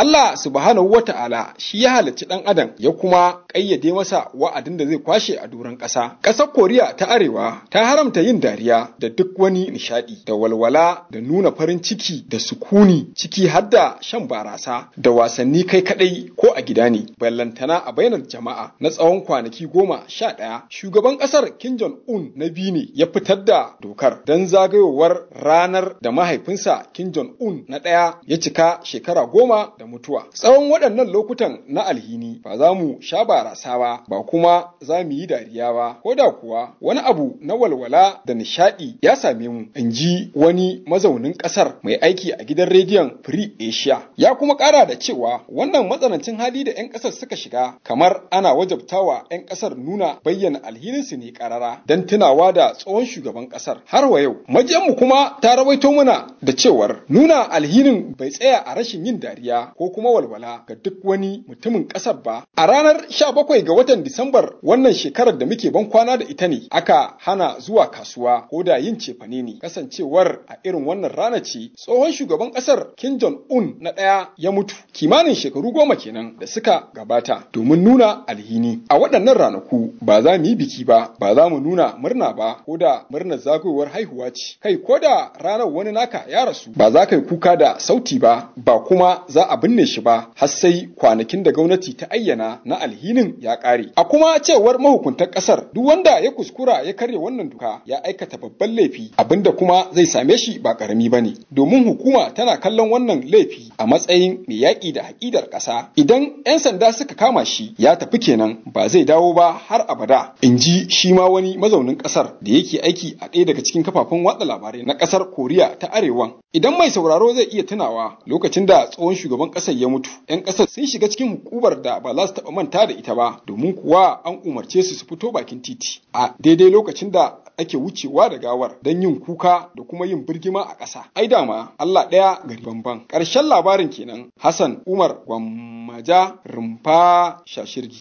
Allah subhanahu wa ta'ala shi ya halarci ɗan adam ya kuma ƙayyade masa wa'adin da zai kwashe a duran ƙasa. Ƙasar Koriya ta Arewa ta haramta yin dariya da duk wani nishaɗi da walwala da nuna farin ciki da sukuni ciki har da shan barasa da wasanni kai kaɗai ko a gida ne. Ballantana a bainar jama'a na tsawon kwanaki goma sha ɗaya. Shugaban ƙasar Kim Jong-un na biyu ne ya fitar da dokar don zagayowar ranar da mahaifinsa Kim Jong-un na ɗaya ya cika shekara goma da mutuwa. Tsawon waɗannan lokutan na alhini ba za mu sha barasa ba, ba kuma za mu yi dariya ba, ko da kuwa wani abu na walwala da nishaɗi ya same mu, in ji wani mazaunin ƙasar mai aiki a gidan rediyon Free Asia. Ya kuma ƙara da cewa wannan matsanancin hali da 'yan ƙasar suka shiga kamar ana wajabtawa 'yan ƙasar nuna bayyana alhininsu ne ƙarara don tunawa da tsohon shugaban ƙasar. Har wa yau, majiyanmu kuma ta rawaito mana da cewar nuna alhinin bai tsaya a rashin yin dariya ko kuma walwala ga duk wani mutumin ƙasar ba. A ranar 17 ga watan Disambar wannan shekarar da muke ban kwana da ita ne aka hana zuwa kasuwa ko da yin cefane ne kasancewar a irin wannan rana ce tsohon shugaban ƙasar Kim Jong-un na ɗaya ya mutu kimanin shekaru goma kenan da suka gabata domin nuna alhini. A waɗannan ranaku ba za mu yi biki ba, ba za mu nuna murna ba ko da murnar zagayowar haihuwa ce. Kai ko da ranar wani naka ya rasu ba za ka yi kuka da sauti ba ba kuma za a binne shi ba har sai kwanakin da gwamnati ta ayyana na alhinin ya ƙare. A kuma cewar mahukuntan ƙasar duk wanda ya kuskura ya karya wannan duka ya aikata babban laifi abinda kuma zai same shi ba ƙarami ba ne domin hukuma tana kallon wannan laifi a matsayin mai yaƙi da haƙidar ƙasa idan 'yan sanda suka kama shi ya tafi kenan ba zai dawo ba har abada in ji shi ma wani mazaunin ƙasar da yake aiki a ɗaya daga cikin kafafen watsa labarai na ƙasar koriya ta arewa ruwan. Idan mai sauraro zai iya tunawa lokacin da tsohon shugaban ƙasar ya mutu, 'yan ƙasar sun shiga cikin hukumar da ba za su taɓa manta da ita ba, domin kuwa an umarce su su fito bakin titi. A daidai lokacin da ake wucewa da gawar don yin kuka da kuma yin birgima a ƙasa. Ai dama Allah ɗaya gari banban. Ƙarshen labarin kenan Hassan Umar Gwammaja Rumfa Shashirgi.